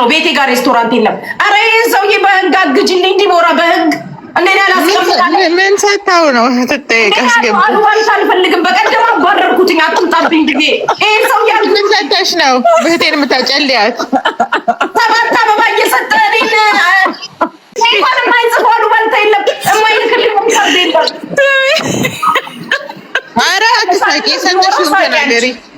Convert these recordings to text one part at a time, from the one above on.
ነው ቤቴ ጋር ሬስቶራንት የለም። አረ ይህን ሰውዬ በህግ አግጅልኝ ቦራ በህግ እንዴት ምን ሰታው ነው ትጠይቀስገአልዋልት አልፈልግም። በቀደም አባረርኩትኝ አትምጣብኝ ጊዜ ይህን ሰው ምን ሰታሽ ነው ብህቴን የምታጨልያት ሰባት አበባ እየሰጠ እኔን እንኳን የማይጽፈው አሉባልታ የለም የማይልክልኝ ምሳርድ የለም። አረ አትሳቂ፣ የሰጠሽውን ተናገሪ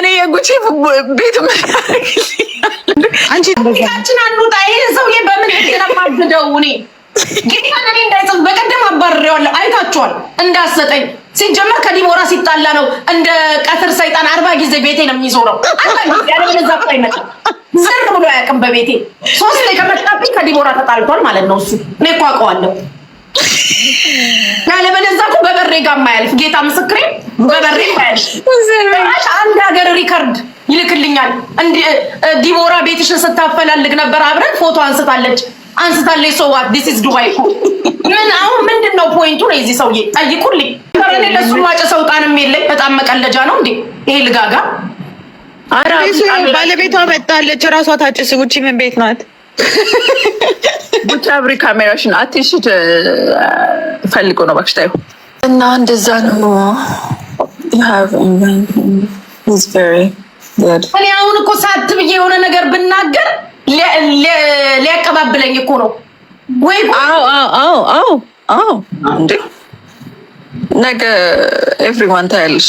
እኔ የጉቺ ቤት አንቺችን አንውጣ። ይህ ሰውዬ በምን ለማግደው እኔ ጌታ እኔ እንዳይጽፍ በቀደም አባርሬዋለሁ። አይታችኋል። እንዳሰጠኝ ሲጀመር ከዲሞራ ሲጣላ ነው። እንደ ቀትር ሰይጣን አርባ ጊዜ ቤቴ ነው የሚዞረው። አርባ ጊዜ ያለበለዛ እኮ አይመጣም። ዝር ብሎ አያውቅም በቤቴ። ሶስት ላይ ከመጣብኝ ከዲቦራ ተጣልቷል ማለት ነው እሱ። እኔ እኮ አውቀዋለሁ። ያለበለዛ እኮ በበሬ ጋር የማያልፍ ጌታ ምስክሬ፣ በበሬ ማያልፍ አንድ ሀገር ሪከርድ ይልክልኛል። ዲቦራ ቤትሽን ስታፈላልግ ነበር፣ አብረን ፎቶ አንስታለች አንስታለች። ሶ ዋት ዲስ ኢዝ ዱባይ እኮ ምን አሁን ምንድን ነው ፖይንቱ? ነው የዚህ ሰውዬ ጠይቁልኝ። ረኔ ለሱ ማጨ ሰውጣንም የለኝ በጣም መቀለጃ ነው እንዴ ይሄ ልጋጋ። ባለቤቷ መጣለች፣ እራሷ ታጭስ። ውጪ ምን ቤት ናት? ብቻ አብሪ ካሜራሽን አትሽድ ፈልጎ ነው ባክሽታዩ እና እንደዛ ነው። እኔ አሁን እኮ ሳት ብዬ የሆነ ነገር ብናገር ሊያቀባብለኝ እኮ ነው ወይ? ነገ ኤቭሪዋን ታያለሽ።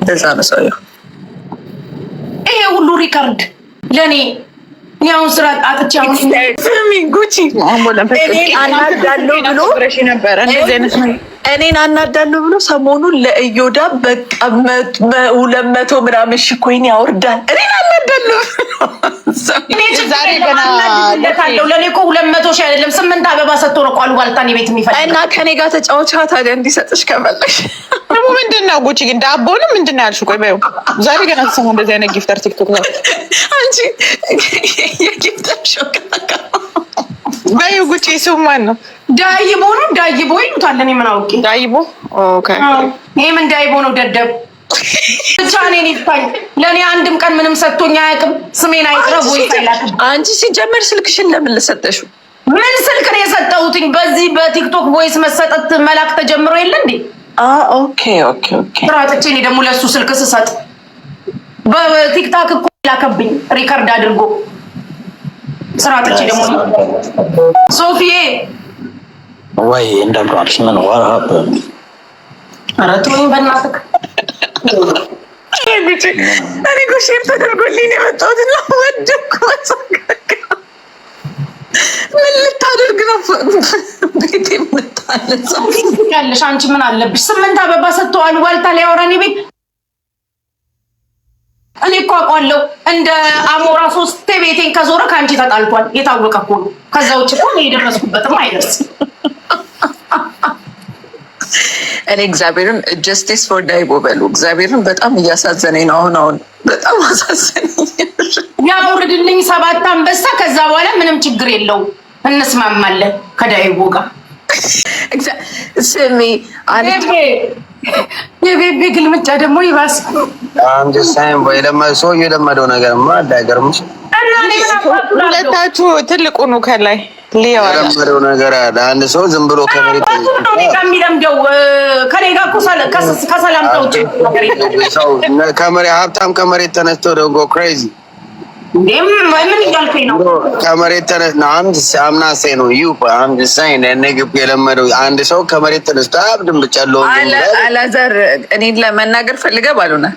እንደዛ ነው ሰውየው ይሄ ሁሉ ሪከርድ ለእኔ እኔ አሁን ስራ አጥቼ ጉቺ ብሎ እኔን አናዳለሁ ብሎ ሰሞኑን ለእዮዳ በቃ ሁለት መቶ ምናምን ሺህ ኮይን ያወርዳል። እኔን አናዳለሁ ዛሬለታለሁ ለእኔ እኮ ሁለት መቶ ሺህ አይደለም ስምንት አበባ ሰጥቶ ነው ቋሉ ባልታን የቤት የሚፈልግ እና ከኔ ጋር ተጫወቻ ታዲያ እንዲሰጥሽ ከፈለግሽ ደግሞ ምንድን ነው ጉቺ ግን ዳቦንም ምንድን ነው ያልሽው? ቆይ በይው ዛሬ ገና እንደዚህ አይነት ጊፍተር ቲክቶክ ነው አንቺ የጌታቸው በይ ጉጭ ስሙ ማን ነው? ዳይቦ ነው። ዳይቦ ይሉታል። እኔ ምን አውቄ። ዳይቦ ይህ ምን ዳይቦ ነው? ደደብ ብቻ እኔን ይታይ። ለእኔ አንድም ቀን ምንም ሰጥቶኝ አያውቅም። ስሜን አይጥረብ ወይ አንቺ ሲጀመር ስልክሽን ለምን ልሰጠሽው? ምን ስልክ ነው የሰጠሁትኝ? በዚህ በቲክቶክ ቮይስ መሰጠት መላክ ተጀምሮ የለ እንዴ? ኦኬ ኦኬ ኦኬ። ስራ አጥቼ እኔ ደግሞ ለእሱ ስልክ ስሰጥ በቲክታክ ላከብኝ ሪከርድ አድርጎ ስራ ጥቼ ደግሞ ሶፊዬ ወይ እንደምን ምን ዋርሀብ ኧረ በእናትህ። ነው ምን ልታደርግ ነው ቤት አንቺ ምን አለብሽ? ስምንት አበባ ሰጥቶ ዋልታ ላይ ቤት እኔ እኮ አውቀዋለሁ። እንደ አሞራ ሶስቴ ቤቴን ከዞረ ከአንቺ ተጣልቷል። የታወቀ እኮ ነው። ከዛ ውጭ እኮ የደረስኩበትም አይደርስም። እኔ እግዚአብሔርን ጀስቲስ ፎር ዳይቦ በሉ። እግዚአብሔርን በጣም እያሳዘነኝ ነው። አሁን አሁን በጣም አሳዘነኝ። ያውርድልኝ ሰባት አንበሳ። ከዛ በኋላ ምንም ችግር የለውም። እንስማማለን ከዳይቦ ጋር ስሚ የቤቤ ግልምጫ ደግሞ ይባስ ሳይም ሰው የለመደው ነገር ማ ሁለታችሁ ትልቁ ነው ከላይ ነገር አለ። አንድ ሰው ዝም ብሎ ከመሬት ሀብታም ከመሬት ተነስቶ ። ደግሞ ክሬዚ ከመሬት አምናሴ ነው ዩ ምግብ የለመደው አንድ ሰው ከመሬት ተነስቶ አብድም ብቻ አላዛር እኔን ለመናገር ፈልገ ባሉና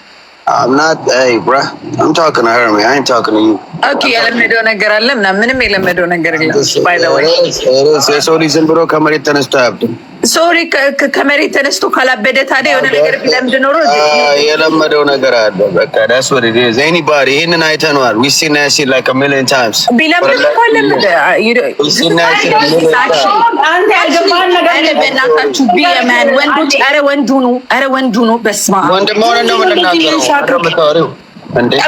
የለመደው ነገር አለ ምናምን ምንም የለመደው ነገር የለም። የሰው ልጅ ዝም ብሎ ከመሬት ተነስቶ አያብድም። ሶሪ ከመሬት ተነስቶ ካላበደ ታዲያ የሆነ ነገር ቢለምድ ኖሮ የለመደው ነገር አለ። በቃ ዳስ ወደ ዘይኒ ባሪ ይህንን አይተነዋል። ዊሲናሲ ሲል ላይክ ሚሊዮን ታይምስ ቢለምድ እኮ ለምደ በእናታችሁ ቢየመን ወንዶች፣ አረ ወንዱ ኑ፣ አረ ወንዱ ነው። በስማ ወንድም ሆነ ነው ምንናገረው ምንድነው?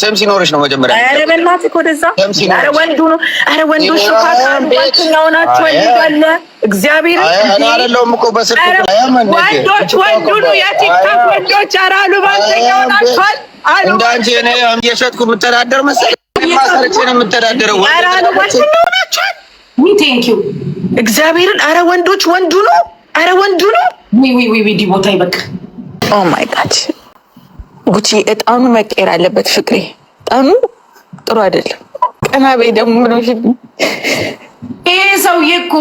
ስም ሲኖርሽ ነው መጀመሪያ። ኧረ እግዚአብሔር ወንዶች፣ ወንዱ ነው የቲክታክ ወንዶች። ኧረ አሉባልተኛ ሆናችኋል። እንደ አንቺ እኔ እየሸጥኩ የምተዳደር መሰለኝ። ሰርቼ ነው የምተዳደረው። እግዚአብሔርን አረ ወንዶች ወንዱ ነው። አረ ወንዱ ነው። ዊ ዊ ዊ ዲቦታ ይበቃ። ኦ ማይ ጋድ ጉቺ፣ እጣኑ መቀየር አለበት ፍቅሬ። እጣኑ ጥሩ አይደለም። ቀና በይ ደግሞ ነው ይሄ ሰውዬ እኮ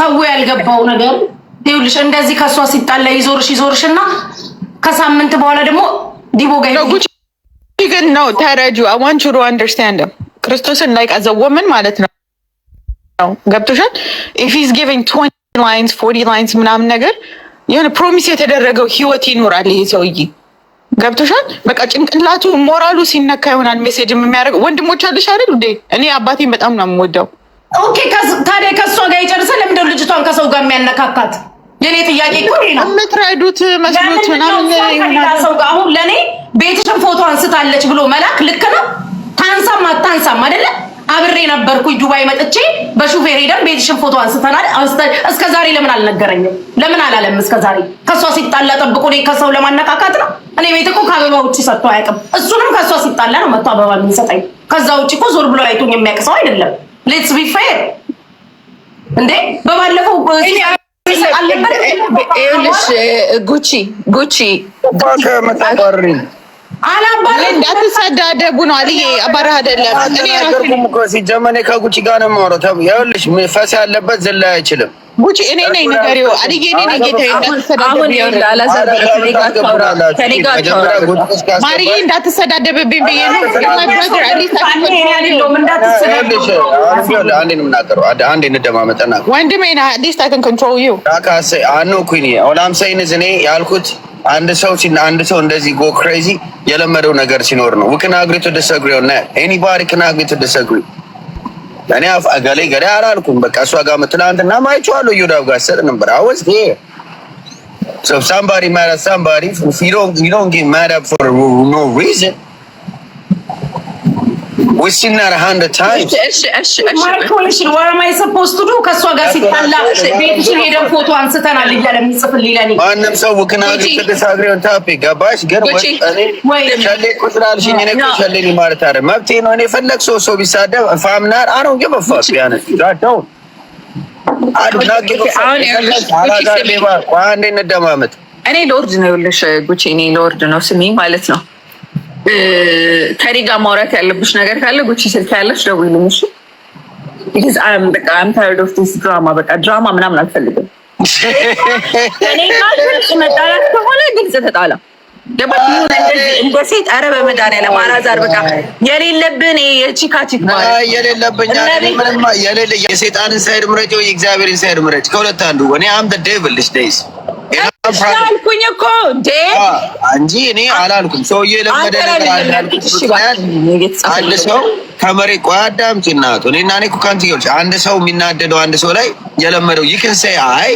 ሰው ያልገባው ነገር ይኸውልሽ፣ እንደዚህ ከእሷ ሲጣላ ይዞርሽ ይዞርሽ እና ከሳምንት በኋላ ደግሞ ግን ነው ተረጁ አንደርስታንድም ክርስቶስን ላይክ አዘ ወመን ማለት ነው ነው ገብቶሻል። ኢፍ ኢዝ ጊቪንግ ትዌንቲ ላይንስ ፎርቲ ላይንስ ምናምን ነገር የሆነ ፕሮሚስ የተደረገው ህይወት ይኖራል ይሄ ሰውዬ ገብቶሻል። በቃ ጭንቅላቱ ሞራሉ ሲነካ ይሆናል ሜሴጅ የሚያደርገው። ወንድሞች አለሽ አይደል እንዴ? እኔ አባቴን በጣም ነው የምወደው። ኦኬ ታዲያ ከእሷ ጋር የጨርሰ ለምንድነው ልጅቷን ከሰው ጋር የሚያነካካት? የኔ ጥያቄ እኮ ነው የምትረዱት መስሎት ምናምን ሰው ጋር አሁን ለእኔ ቤትሽን ፎቶ አንስታለች ብሎ መላክ ልክ ነው? ታንሳም አታንሳም አይደለም። አብሬ ነበርኩኝ ዱባይ መጥቼ በሹፌር ሄደን ቤትሽን ፎቶ አንስተናል። እስከ ዛሬ ለምን አልነገረኝም? ለምን አላለም? እስከ ዛሬ ከእሷ ሲጣላ ጠብቆ እኔ ከሰው ለማነካካት ነው። እኔ ቤት እኮ ከአበባ ውጭ ሰጥቶ አያውቅም። እሱንም ከእሷ ሲጣላ ነው መጥቶ አበባ የሚሰጠኝ። ከዛ ውጭ እኮ ዞር ብሎ አይቶኝ የሚያውቅ ሰው አይደለም። ሌትስ ቢ ፌር እንዴ! በባለፈው ይኸውልሽ ጉቺ ጉቺ እንዳትሰዳደቡ ነው አልዬ አባራ አይደለም። እኔ ከጉቺ ጋር ነው የማወራው። ይኸውልሽ ፈስ ያለበት ዝላይ አይችልም። ጉቺ እኔ ነኝ ንገሪው፣ አዲጌ እኔ ነኝ ጌታዬ። እንዳትሰዳደብብኝ ብዬ ነው። አንዴ እንደማመጠና ወንድሜ ነህ አዲስ ታክን ኮንትሮል ዩ አኖ ኩኒ ኦላም ሰይንዝ እኔ ያልኩት አንድ ሰው አንድ ሰው እንደዚህ ጎ ክሬዚ የለመደው ነገር ሲኖር ነው። ዊ ካን አግሪ ቱ ዲስአግሪ ኦን ኤኒባዲ ካን አግሪ ቱ ዲስአግሪ እኔ ገሌ ገሌ አላልኩም። በቃ እሷ ጋር ትናንትና ማይቼዋለሁ እዮዳብ ጋር ስር ነበር አወዝ ሶ ሳምባዲ ማድ ሳምባዲ ዩ ዶንት ጌት ማድ አፕ ፎር ኖ ሪዝን ከእሷ ጋር ማንም ሰው ግን መብቴ ነው። እኔ ፈለግ ሰው ሰው ቢሳደብ ፋምናር እኔ ሎርድ ነው። ይኸውልሽ ጉቺ እኔ ሎርድ ነው ስሜ ማለት ነው ከእኔ ጋር ማውራት ያለብሽ ነገር ካለ ጉቺ ስልክ ያለሽ ደውይልኝ። እሺ በቃ አም ታይርድ ኦፍ ዲስ ድራማ በቃ ድራማ ምናምን አልፈልግም። ጋር ግልጽ መጣላት ከሆነ ግልጽ ተጣላ። ገባሽ? እንደ ሴት በመድኃኒዓለም አላዛር በቃ የሌለብን የቺካቺክ የሌለብኝ የሴጣንን ሳይድ ምረጭ ወይ የእግዚአብሔርን ሳይድ ምረጭ፣ ከሁለት አንዱ እኔ አም ደ ዴቭል ልሽ ደይስ አልኩኝ እኮ እንጂ እኔ አላልኩም። ሰውዬ ለመደ አንድ ሰው ከመሬት ቆይ አዳምጪ እናቱ እኔ እኮ ከአንቺ ጋር አንድ ሰው የሚናደደው አንድ ሰው ላይ የለመደው ይክንሰ አይ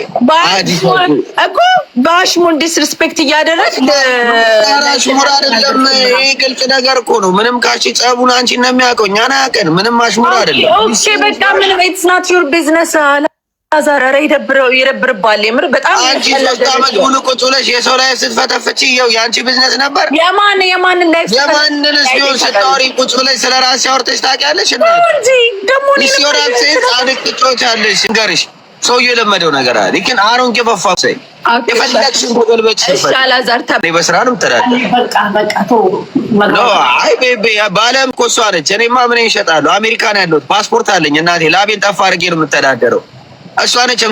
እኮ በአሽሙን ዲስሪስፔክት እያደረግ አሽሙር አይደለም። ይሄ ግልጽ ነገር እኮ ነው። ምንም ካሽ ጸቡን አንቺ እኛን ምንም አሽሙር አይደለም። ኦኬ በቃ ምንም ኢትስ ናት ዩር ቢዝነስ አለ አዛር ኧረ ይደብርባል። የምር በጣም አንቺ ሶስት አመት ሙሉ ቁጭ ብለሽ የሰው ይኸው የአንቺ ቢዝነስ ነበር። የማን የማንንስ ቢሆን ስታወሪ ቁጭ ብለሽ ስለ ራስሽ አውርተሽ ታውቂያለሽ? እንጂ ደግሞ አለሽ ንገርሽ የለመደው ነገር አለ። ግን ሰይ የፈለግሽን ተገልበጭ ባለም ኮሷ ነች። እኔማ ምን ይሸጣሉ? አሜሪካን ያለሁት ፓስፖርት አለኝ እናቴ ላቤን ጠፋ አድርጌ ነው የምተዳደረው። እሷ ነች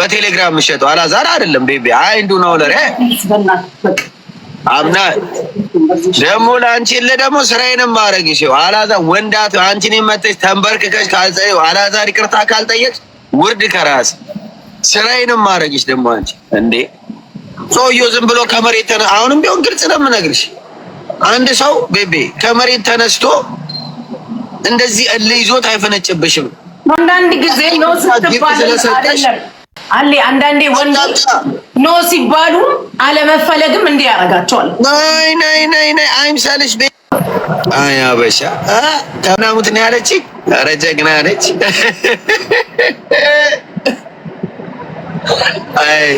በቴሌግራም የምትሸጠው። አላዛር አይደለም ቤቢ። አይ እንዱ ነው ለረ አምና ደግሞ ለአንቺ የለ ደግሞ ስራዬንም ማድረግ ይሽው አላዛር ወንዳት አንቺን የመጠች ተንበርክከሽ ካልጸይ አላዛር ይቅርታ ካልጠየቅሽ ውርድ ከራስ ስራዬንም ማድረግሽ ደግሞ አንቺ እንዴ ሰውዬው ዝም ብሎ ከመሬት ተነ አሁንም ቢሆን ግልጽ ነው የምነግርሽ። አንድ ሰው ቤቤ ከመሬት ተነስቶ እንደዚህ እልህ ይዞት አይፈነጭብሽም። አንዳንድ ጊዜ ነው ስትባል አለ አንዳንዴ ወንዶች ኖ ሲባሉ አለመፈለግም እንዲህ ያደርጋቸዋል። ናይ ናይ ናይ ናይ አይምሰልሽ ቤ አይ አበሻ ተምናሙት ነው ያለች። ኧረ ጀግና ነች። አይ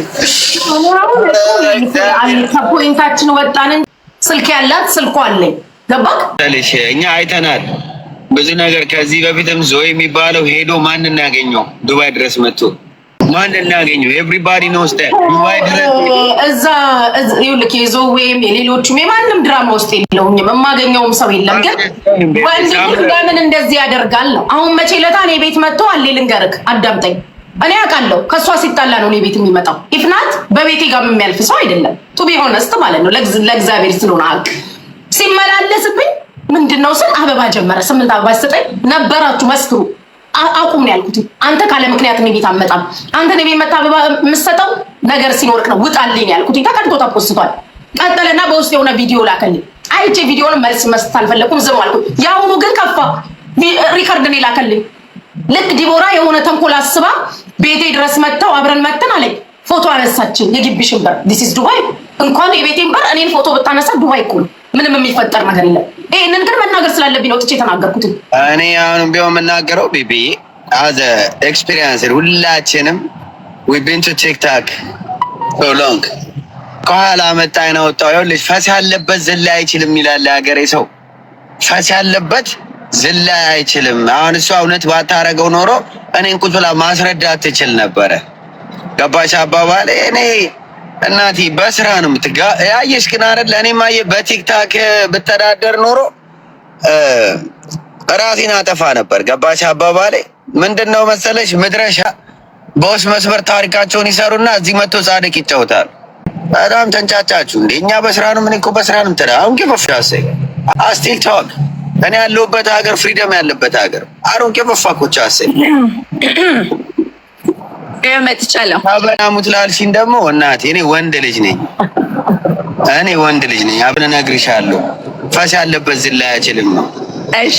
ከፖይንታችን ወጣንን። ስልክ ያላት ስልኳ አለኝ ገባክ? እኛ አይተናል ብዙ ነገር ከዚህ በፊትም ዞይ የሚባለው ሄዶ ማን እናገኘው ዱባይ ድረስ መጥቶ ማን እናገኘው? ኤቭሪባዲ ነው ስ ዱባይ የሌሎቹም የማንም ድራማ ውስጥ የለውም። የማገኘውም ሰው የለም። ግን ወንድ ለምን እንደዚህ ያደርጋል ነው። አሁን መቼ ለታ እኔ ቤት መጥቶ አሌ ልንገርህ፣ አዳምጠኝ። እኔ አውቃለሁ ከእሷ ሲጣላ ነው እኔ ቤት የሚመጣው። ኢፍናት በቤቴ ጋር የሚያልፍ ሰው አይደለም። ቱ ማለት ነው። ለእግዚአብሔር ስለሆነ ሲመላለስብኝ ምንድን ነው ስል አበባ ጀመረ። ስምንት አበባ ስጠኝ ነበራችሁ መስክሩ። አቁም ነው ያልኩት። አንተ ካለ ምክንያት እኔ ቤት አመጣም። አንተ እኔ ቤት መጣ አበባ የምሰጠው ነገር ሲኖርክ ነው። ውጣልኝ ያልኩት ተቀድቶ ተፖስቷል። ቀጠለና በውስጥ የሆነ ቪዲዮ ላከልኝ። አይቼ ቪዲዮን መልስ መስጠት አልፈለኩም፣ ዝም አልኩ። የአሁኑ ግን ከፋ። ሪከርድ እኔ ላከልኝ። ልክ ዲቦራ የሆነ ተንኮል አስባ ቤቴ ድረስ መጥተው አብረን መጥተን አለኝ። ፎቶ አነሳችን። የግቢሽን በር ዲስ ኢዝ ዱባይ። እንኳን የቤቴን በር እኔን ፎቶ ብታነሳ ዱባይ እኮ ነው። ምንም የሚፈጠር ነገር የለም። ይህንን ግን መናገር ስላለብኝ ነው ወጥቼ የተናገርኩትን። እኔ አሁንም ቢሆን የምናገረው ቤቢ አዘ ኤክስፒሪንስ ሁላችንም ዊቢን ቲክታክ ሎንግ ከኋላ መጣ ይናወጣው ይኸውልሽ፣ ፈስ ያለበት ዝላ አይችልም ይላል የሀገሬ ሰው። ፈስ ያለበት ዝላ አይችልም። አሁን እሷ እውነት ባታረገው ኖሮ እኔን ቁጭ ብላ ማስረዳት ትችል ነበረ። ገባሽ አባባል እኔ እናቴ በስራ ነው የምትጋ አየሽ ግን አረ ለእኔ ማየ በቲክታክ ብተዳደር ኖሮ ራሴን አጠፋ ነበር። ገባሽ አባባሌ ምንድን ነው መሰለሽ? ምድረሻ በውስጥ መስመር ታሪካቸውን ይሰሩና እዚህ መጥቶ ጻድቅ ይጫወታሉ። በጣም ተንጫጫችሁ እንዴ? እኛ በስራ ነው ምን እኮ በስራ ነው ምትዳ አሁን ግን ጌፈፍሻሴ አስቲል ቶክ እኔ ያለሁበት ሀገር ፍሪደም ያለበት ሀገር አሮን ጌፈፋኮቻሴ ጉዳዩ መጥቻለሁ። አበናሙት ላልሽኝ ደግሞ እናቴ እኔ ወንድ ልጅ ነኝ። እኔ ወንድ ልጅ ነኝ። አብረን እነግርሻለሁ። ፈስ ያለበት ዝላይ አይችልም ነው። እሺ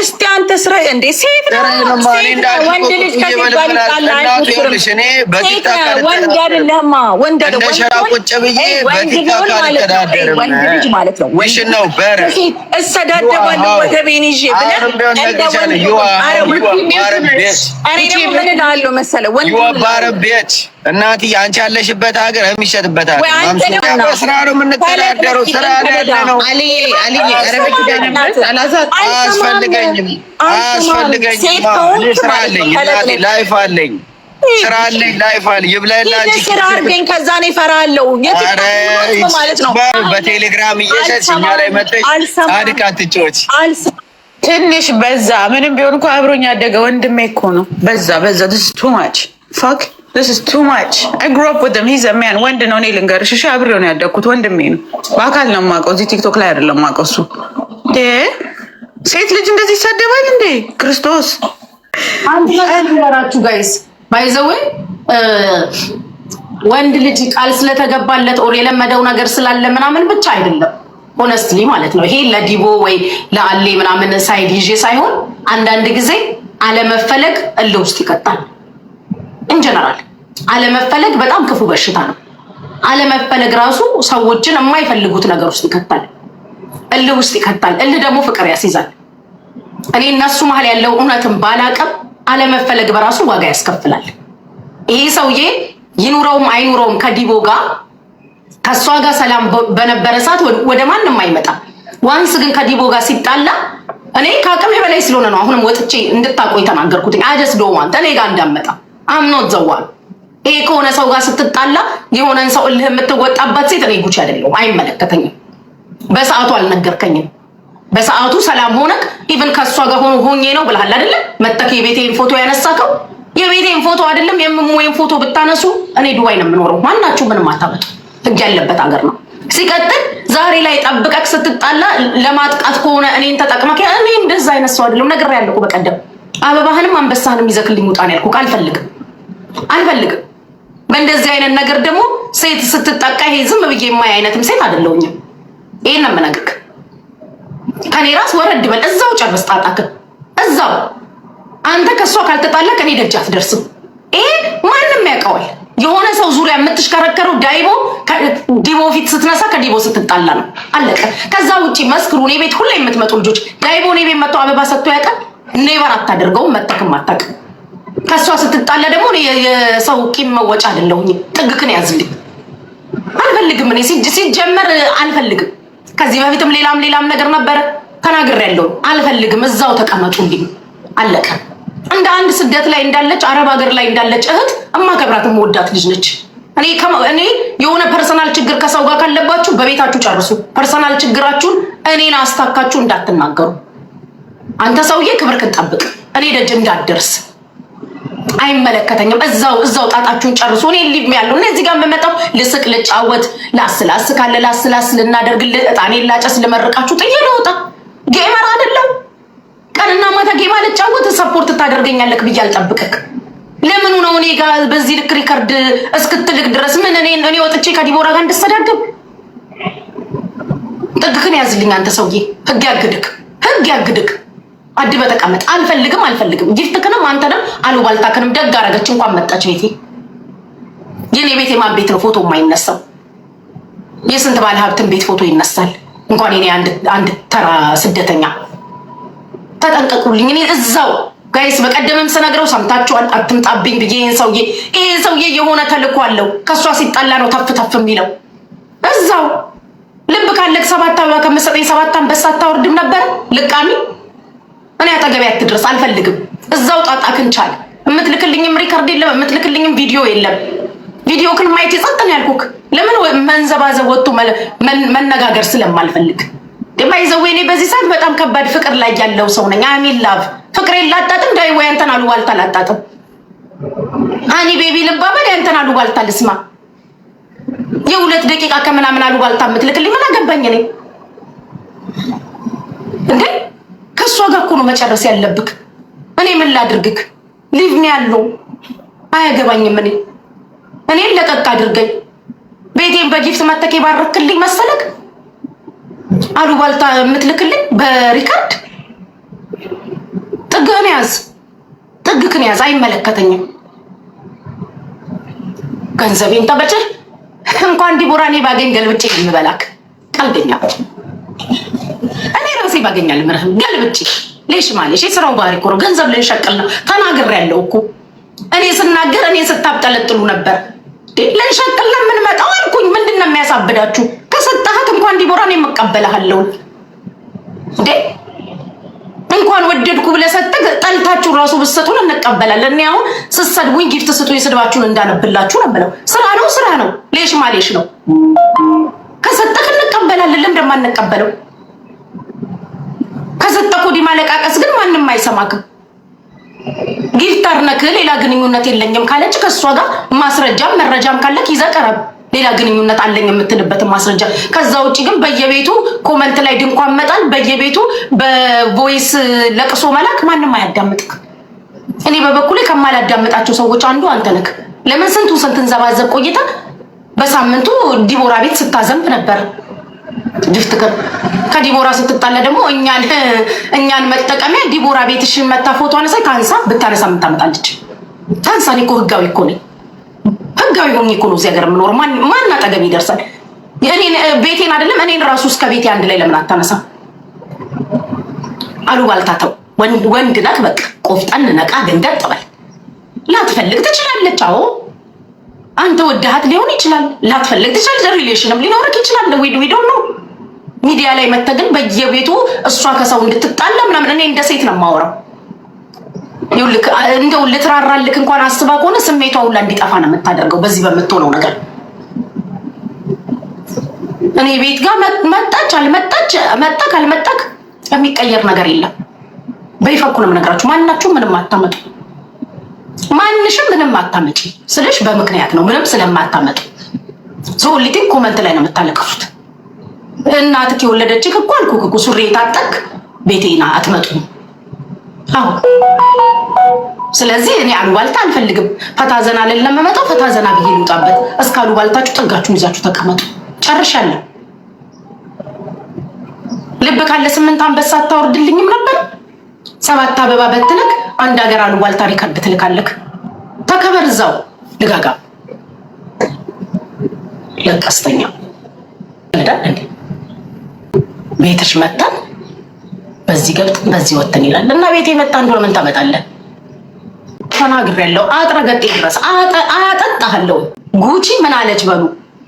እስቲ አንተ ስራ እንደ ሴት ልጅ ወንድ አይደለህማ ወንድ ልጅ ማለት ነው። እሰዳደባለሁ ወገቤን ይዤ ብለህ እንደ ወንድ ምን እላለሁ መሰለህ ወንድ እናት አንቺ ያለሽበት ሀገር የሚሸጥበት ሀገር ስራ ነው የምንተዳደረው። ስራ ያለ ነው። አያስፈልገኝም፣ አያስፈልገኝም። ስራ አለኝ፣ ላይፍ አለኝ፣ ስራ አለኝ፣ ላይፍ አለኝ። ይብላላ ስራ አድርገኝ፣ ከዛ ነው እፈራለሁ ማለት ነው። በቴሌግራም እየሸጥሽ እኛ ላይ መጥተሽ አድቅ አትጫወች ትንሽ በዛ። ምንም ቢሆን እኮ አብሮኝ ያደገ ወንድሜ እኮ ነው። በዛ በዛ ትስቱ ማች ፋክ ስ ቱ ማች ግሮፕ ም ሂዝ ሚያን ወንድ ነው። እኔ ልንገርሽ፣ እሺ አብሬው ነው ያደግኩት። ወንድሜ ነው፣ በአካል ነው የማውቀው። እዚህ ቲክቶክ ላይ አይደለም የማውቀው። እሱ ሴት ልጅ እንደዚህ ይሳደባል እንዴ? ክርስቶስ አንድ ነገራችሁ ጋይስ ባይዘዌ ወንድ ልጅ ቃል ስለተገባለት ኦር የለመደው ነገር ስላለ ምናምን ብቻ አይደለም ሆነስትሊ ማለት ነው። ይሄ ለዲቦ ወይ ለአሌ ምናምን ሳይድ ይዤ ሳይሆን አንዳንድ ጊዜ አለመፈለግ እልህ ውስጥ ይቀጣል። ኢንጀነራል አለመፈለግ በጣም ክፉ በሽታ ነው። አለመፈለግ ራሱ ሰዎችን የማይፈልጉት ነገር ውስጥ ይከታል፣ እልህ ውስጥ ይከታል። እልህ ደግሞ ፍቅር ያስይዛል። እኔ እነሱ መሀል ያለው እውነትን ባላቅም አለመፈለግ በራሱ ዋጋ ያስከፍላል። ይሄ ሰውዬ ይኑረውም አይኑረውም ከዲቦ ጋር ከእሷ ጋር ሰላም በነበረ ሰዓት ወደ ማንም አይመጣም። ዋንስ ግን ከዲቦ ጋር ሲጣላ እኔ ከአቅሜ በላይ ስለሆነ ነው አሁንም ወጥቼ እንድታቆይ የተናገርኩት። አደስ ዶዋንት እኔ ጋር እንዳመጣ አምኖት ዘዋል። ይሄ ከሆነ ሰው ጋር ስትጣላ የሆነን ሰው እልህ የምትወጣባት ሴት እኔ ጉቺ አይደለሁም፣ አይመለከተኝም። በሰዓቱ አልነገርከኝም። በሰዓቱ ሰላም ሆነክ ኢቭን ከእሷ ጋር ሆኖ ሆኜ ነው ብለሃል አይደለም? መጠክ የቤቴን ፎቶ ያነሳከው የቤቴን ፎቶ አይደለም። የምሞይን ፎቶ ብታነሱ እኔ ዱባይ ነው የምኖረው። ማናችሁ ምንም አታመጡ። ህግ ያለበት ሀገር ነው። ሲቀጥል ዛሬ ላይ ጠብቀክ ስትጣላ ለማጥቃት ከሆነ እኔን ተጠቅመክ እኔ እንደዛ አይነት ሰው አይደለም። ነግሬያለሁ በቀደም አበባህንም አንበሳህንም ይዘክልኝ ውጣ ነው ያልኩህ። አልፈልግም አልፈልግም። በእንደዚህ አይነት ነገር ደግሞ ሴት ስትጠቃ ይሄ ዝም ብዬ የማይ አይነትም ሴት አይደለሁኝም። ይሄን ነው የምነግርህ። ከኔ ራስ ወረድ በል። እዛው ጨርስ ጣጣክን እዛው። አንተ ከእሷ ካልተጣላቅ ከኔ ደጅ አትደርስም። ይሄ ማንም ያውቀዋል። የሆነ ሰው ዙሪያ የምትሽከረከረው ዳይቦ ዲቦ ፊት ስትነሳ ከዲቦ ስትጣላ ነው። አለቀ። ከዛ ውጭ መስክሩ። እኔ ቤት ሁሌ የምትመጡ ልጆች ዳይቦ እኔ ቤት መጥተው አበባ ሰጥቶ ያውቃል? ኔቨር አታደርገውም። መጠቅም አታውቅም። ከእሷ ስትጣላ ደግሞ የሰው ቂም መወጫ አይደለሁኝ። ጥግክን ያዝልኝ። አልፈልግም፣ እኔ ሲጀመር አልፈልግም። ከዚህ በፊትም ሌላም ሌላም ነገር ነበረ ተናግሬያለሁ። አልፈልግም፣ እዛው ተቀመጡ። እንዲ አለቀ። እንደ አንድ ስደት ላይ እንዳለች አረብ ሀገር ላይ እንዳለች እህት እማከብራት የምወዳት ልጅ ነች። እኔ የሆነ ፐርሰናል ችግር ከሰው ጋር ካለባችሁ በቤታችሁ ጨርሱ። ፐርሰናል ችግራችሁን እኔን አስታካችሁ እንዳትናገሩ። አንተ ሰውዬ ክብርክን ጠብቅ፣ እኔ ደጅ እንዳትደርስ። አይመለከተኝም። እዛው እዛው ጣጣችሁን ጨርሱ። እኔ ሊብ ያለው እኔ እዚህ ጋር የምመጣው ልስቅ፣ ልጫወት፣ ላስላስ ካለ ላስላስ ልናደርግ፣ እጣኔ ላጨስ፣ ልመርቃችሁ ጥዬ ልወጣ። ጌመር አይደለም ቀንና ማታ ጌማ ልጫወት፣ ሰፖርት ታደርገኛለክ ብዬ አልጠብቅክ። ለምኑ ነው እኔ ጋር በዚህ ልክ ሪከርድ እስክትልቅ ድረስ ምን እኔ እኔ ወጥቼ ከዲቦራ ጋር እንድሰዳደብ? ጥግክን ያዝልኝ አንተ ሰውዬ፣ ህግ ያግድክ፣ ህግ ያግድክ። አድ በተቀመጥ አልፈልግም አልፈልግም። ጊፍትክንም አንተንም አሉባልታክንም ደግ አረገች። እንኳን መጣች ቤቴ። የኔ ቤት ማን ቤት ነው ፎቶ የማይነሳው? የስንት ባለ ሀብትን ቤት ፎቶ ይነሳል? እንኳን ኔ አንድ ተራ ስደተኛ። ተጠንቀቁልኝ። እኔ እዛው ጋይስ፣ በቀደምም ስነግረው ሰምታችኋል። አትምጣብኝ ብዬ ይህን ሰውዬ ይህን ሰውዬ የሆነ ተልእኮ አለው። ከእሷ ሲጣላ ነው ተፍ ተፍ የሚለው። እዛው ልብ ካለቅ ሰባት ከምሰጠኝ ሰባት አንበሳ አታወርድም ነበር ልቃሚ እኔ አጠገቤ አትድረስ አልፈልግም። እዛው ጣጣ ክንቻል። የምትልክልኝም ሪከርድ የለም፣ የምትልክልኝም ቪዲዮ የለም። ቪዲዮ ክን ማየት የጸጥን ያልኩክ ለምን መንዘባዘብ ወጥቶ መነጋገር ስለማልፈልግ የማይዘው እኔ በዚህ ሰዓት በጣም ከባድ ፍቅር ላይ ያለው ሰው ነኝ። አሚን ላቭ ፍቅር የላጣጥም ዳይ ወይ አንተን አሉባልታ ላጣጥም አኒ ቤቢ ልባበል ያንተን አሉባልታ ልስማ የሁለት ደቂቃ ከምናምን አሉባልታ የምትልክልኝ ምን አገባኝ እኔ እንዴ ከእሷ ጋር እኮ ነው መጨረስ ያለብክ። እኔ ምን ላድርግክ? ሊቭ ሚ ያለው አያገባኝም። እኔ እኔን ለቀቅ አድርገኝ። ቤቴን በጊፍት መተክ የባረክልኝ መሰለክ? አሉባልታ የምትልክልኝ በሪካርድ ጥግህን ያዝ፣ ጥግክን ያዝ። አይመለከተኝም። ገንዘቤን ጠበጭ። እንኳን ዲቦራኔ ባገኝ ገልብጭ የምበላክ ቀልደኛ ባገኛል ምረት ገልብጭ ሌሽ ማለሽ የስራው ባህሪ ኮሮ ገንዘብ ልንሸቅል ነው ተናግሬያለሁ እኮ እኔ ስናገር እኔ ስታብጠለጥሉ ነበር። ልንሸቅል ነው የምንመጣው አልኩኝ። ምንድን ነው የሚያሳብዳችሁ? ከሰጠሃት እንኳን ዲቦራ ዲቦራን የምቀበልሃለውን እንዴ እንኳን ወደድኩ ብለህ ሰጠህ። ጠልታችሁ ራሱ ብትሰጡን እንቀበላለን። እኔ አሁን ስትሰድቡኝ ጊፍት ስጡ የስድባችሁን እንዳነብላችሁ ነው የምለው። ስራ ነው ስራ ነው። ሌሽ ማሌሽ ነው። ከሰጠህ እንቀበላለን። ለምን እንደማንቀበለው ስትተኮዲ ማለቃቀስ ግን ማንም አይሰማክም። ጊፍተር ነክ ሌላ ግንኙነት የለኝም ካለች ከእሷ ጋር ማስረጃም መረጃም ካለክ ይዘህ ቀረብ። ሌላ ግንኙነት አለኝ የምትልበትን ማስረጃ። ከዛ ውጭ ግን በየቤቱ ኮመንት ላይ ድንኳን መጣል፣ በየቤቱ በቮይስ ለቅሶ መላክ ማንም አያዳምጥክ። እኔ በበኩሌ ከማላዳምጣቸው ሰዎች አንዱ አንተ ነክ። ለምን ስንቱ ስንትን ዘባዘብ ቆይታ በሳምንቱ ዲቦራ ቤት ስታዘንብ ነበር። ድፍት ከዲቦራ ስትጣላ ደግሞ እኛን እኛን መጠቀሚያ ዲቦራ ቤትሽን መታ ፎቶ አነሳይ ከአንሳ ብታነሳ የምታመጣለች ታንሳ። እኔ እኮ ህጋዊ እኮ ነኝ። ህጋዊ ሆኜ እኮ ነው እዚህ ሀገር የምኖር። ማን አጠገብ ይደርሳል? እኔን ቤቴን አይደለም እኔን ራሱ እስከ ቤቴ አንድ ላይ ለምን አታነሳ? አሉባልታ ተው። ወንድ ነክ በቃ ቆፍጠን ነቃ ገንደጥ በል። ላትፈልግ ትችላለች። አዎ አንተ ወደሃት ሊሆን ይችላል። ላትፈልግ ትችላለች። ሪሌሽንም ሊኖርክ ይችላል። ዊድ ዊዶ ነው ሚዲያ ላይ መተግን ግን በየቤቱ እሷ ከሰው እንድትጣላ ምናምን፣ እኔ እንደ ሴት ነው የማወራው። ይኸውልህ እንደው ልትራራልክ እንኳን አስባ ከሆነ ስሜቷ ሁላ እንዲጠፋ ነው የምታደርገው በዚህ በምትሆነው ነገር። እኔ ቤት ጋር መጣች አልመጣች መጣክ አልመጣክ የሚቀየር ነገር የለም። በይፈኩ ነው የምነግራችሁ። ማናችሁም ምንም አታመጡ፣ ማንሽም ምንም አታመጪ ስልሽ በምክንያት ነው። ምንም ስለማታመጡ ሰው ኮመንት ላይ ነው የምታለቀፉት። እናትህ የወለደች እኮ አልኩህ እኮ ሱሪ የታጠቅ ቤቴና አትመጡም። አዎ ስለዚህ እኔ አሉባልታ አልፈልግም። ፈታዘና ለለ ፈታ ዘና ብዬ ልውጣበት። እስከ አሉባልታችሁ ጠጋችሁን ይዛችሁ ተቀመጡ። ጨርሻለሁ። ልብ ካለ ስምንት አንበሳ አታወርድልኝም ነበር። ሰባት አበባ በትልክ አንድ ሀገር አሉባልታ ሪከርድ ትልካለክ። ተከበር እዛው ልጋጋ ለቀስተኛ ቤትሽ መጣን በዚህ ገብተን በዚህ ወጥተን ይላል እና ቤት መጣ እንደሆነ ምን ታመጣለህ? ተናግሬያለሁ። ያለው ገጤ ድረስ አያጠጣሃለሁ። ጉቺ ምን አለች? በሉ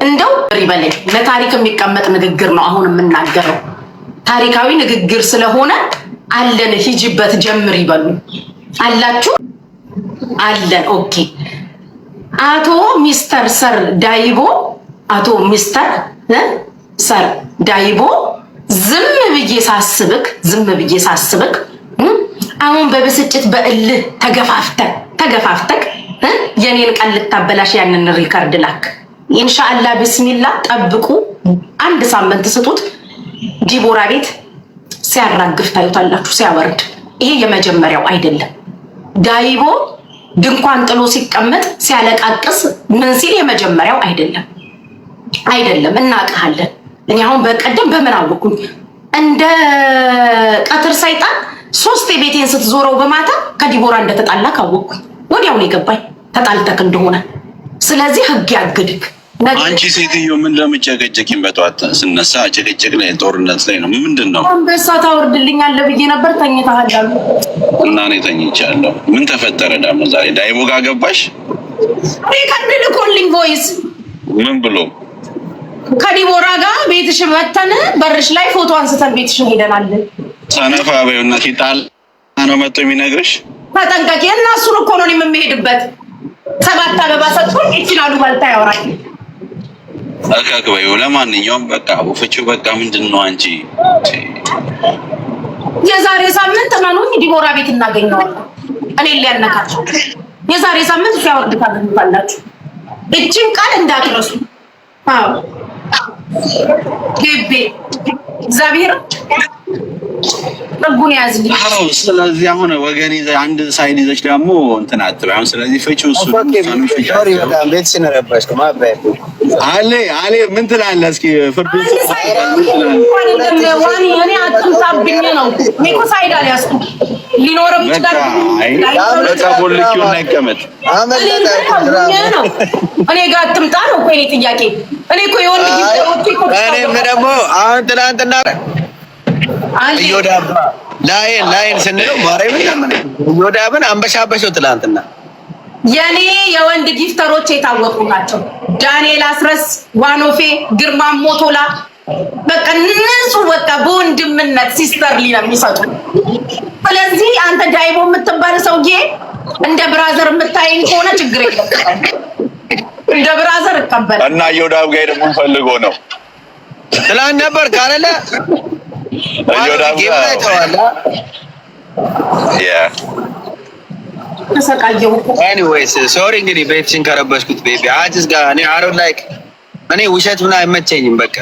እንደው ይበለኝ። ለታሪክ የሚቀመጥ ንግግር ነው አሁን የምናገረው። ታሪካዊ ንግግር ስለሆነ አለን። ሂጂበት ጀምር ይበሉ አላችሁ አለን። ኦኬ አቶ ሚስተር ሰር ዳይቦ አቶ ሚስተር ሰር ዳይቦ ዝም ብዬ ሳስብክ ዝም ብዬ ሳስብክ አሁን በብስጭት በእልህ ተገፋፍተ ተገፋፍተክ የኔን ቀን ልታበላሽ ያንን ሪከርድ ላክ። ኢንሻአላ ብስሚላ ጠብቁ። አንድ ሳምንት ስጡት። ዲቦራ ቤት ሲያራግፍ ታዩታላችሁ፣ ሲያወርድ። ይሄ የመጀመሪያው አይደለም። ዳይቦ ድንኳን ጥሎ ሲቀመጥ ሲያለቃቅስ ምን ሲል የመጀመሪያው አይደለም አይደለም፣ እናውቅሃለን። እኔ አሁን በቀደም በምን አወኩኝ እንደ ቀትር ሰይጣን ሶስት የቤቴን ስትዞረው በማታ ከዲቦራ እንደተጣላ ካወቅኩኝ ወዲያው ነው የገባኝ ተጣልተክ እንደሆነ። ስለዚህ ህግ ያግድክ። አንቺ ሴትዮ ምን ለምጨቀጨቂን? በጠዋት ስነሳ ጭቅጭቅ ላይ ጦርነት ላይ ነው። ምንድን ነው አንበሳ ታወርድልኛለህ ብዬ ነበር። ተኝተሃል አሉ እና እኔ ተኝቻለሁ። ምን ተፈጠረ ደግሞ ዛሬ? ዳይቦ ጋ ገባሽ? ሪከርድ ልኮልኝ ቮይስ ምን ብሎ ከዲቦራ ጋር ቤትሽ መተን በርሽ ላይ ፎቶ አንስተን ቤትሽ ሄደናል። ጠነፋ በይውነት ይጣል ነው መጥቶ የሚነግርሽ ተጠንቀቂ። እና እሱን እኮ ነው የምሄድበት። ሰባት አበባ ሰጥቶኝ ይችላሉ ባልታ ያወራል። ጠንቀቅ በይው። ለማንኛውም በቃ ውፍቺው በቃ ምንድን ነው አንቺ የዛሬ ሳምንት መኑኝ ዲቦራ ቤት እናገኘዋለን። እኔ ሊያነካቸው የዛሬ ሳምንት ሲያወርድ ታገኙታላችሁ። እችን ቃል እንዳትረሱ። አዎ ግቢ እግዚአብሔር ህጉን ያዝልኝ። ስለዚህ አሁን ወገን ይዘህ አንድ ሳይድ ይዘሽ ደግሞ እንትን አትበይ። ስለዚህ ፈጪው እሱ አሌ አሌ ምን ትላለህ? እስኪ ፍርዱን ነው እኔ ይችላል እኔ ጋር አትምጣ ነው እኮ የእኔ ጥያቄ። እኔ እኮ የወንድ ጊዜ ደግሞ አሁን ትናንትና እዮዳብ ላይን ላይን ስንለው ማርያምን ለምን እዮዳብን አንበሻበሸው። ትላንትና የኔ የወንድ ጊፍተሮች የታወቁ ናቸው። ዳንኤል አስረስ፣ ዋኖፌ፣ ግርማ ሞቶላ በቃ ንጹህ በቃ በወንድምነት ሲስተር ሊና የሚሰጡ ስለዚህ አንተ ዳይቦ የምትባል ሰውዬ እንደ ብራዘር የምታየኝ ከሆነ ችግር የለም። እንደ ብራዘር እቀበል እና እዮዳብ ጋር ደግሞ ፈልጎ ነው ትላንት ነበር ካለለ ሶሪ እንግዲህ ቤትሽን ከረበስኩት ቤቢ አዲስ ጋር እኔ አሮ ላይክ እኔ ውሸት ምናምን አይመቸኝም። በቃ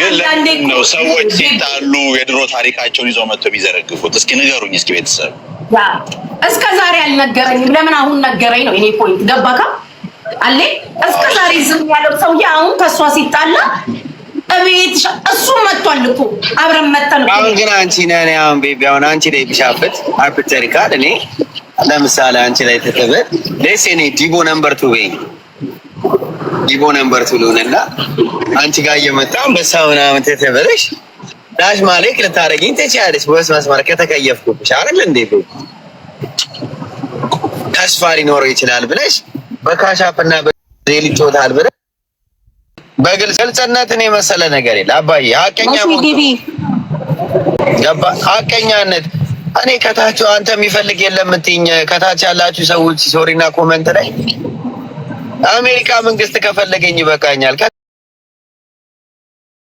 ግን ነው ሰዎች ሲጣሉ የድሮ ታሪካቸውን ይዘው መጥቶ ቢዘረግፉት እስኪ ንገሩኝ። እስኪ ቤተሰብ እስከ ዛሬ አልነገረኝም፣ ለምን አሁን ነገረኝ ነው የእኔ ፖይንት። ገባካ አለ እስከ ዛሬ ዝም ያለው ሰውዬ አሁን ከእሷ ሲጣላ በቤት እሱ መጥቷል እኮ አብረን መጥተን እኮ። አሁን ግን አንቺ ነህ አሁን ቤቢ አሁን አንቺ ላይ ብሻበት አርቢተሪካል እኔ ለምሳሌ አንቺ ላይ ተተበ ደስ እኔ ዲቦ ነምበር ቱ ወይ ዲቦ ነምበር ቱ ልሆንና አንቺ ጋር እየመጣ በሳ ምናምን ተተበለሽ ዳሽ ማለክ ልታረጊኝ ትችያለሽ። በስ መስመር ከተቀየፍኩብሽ አይደል እንዴ ቤቢ ተስፋ ሊኖረው ይችላል ብለሽ በካሻፕና በሌሊት ጮታል ብለሽ በግልጽነትን የመሰለ ነገር የለ። አባዬ ሀቀኛ ሀቀኛነት እኔ ከታች አንተ የሚፈልግ የለም እምትይኝ ከታች ያላችሁ ሰዎች ሶሪና ኮመንት ላይ አሜሪካ መንግስት ከፈለገኝ ይበቃኛል።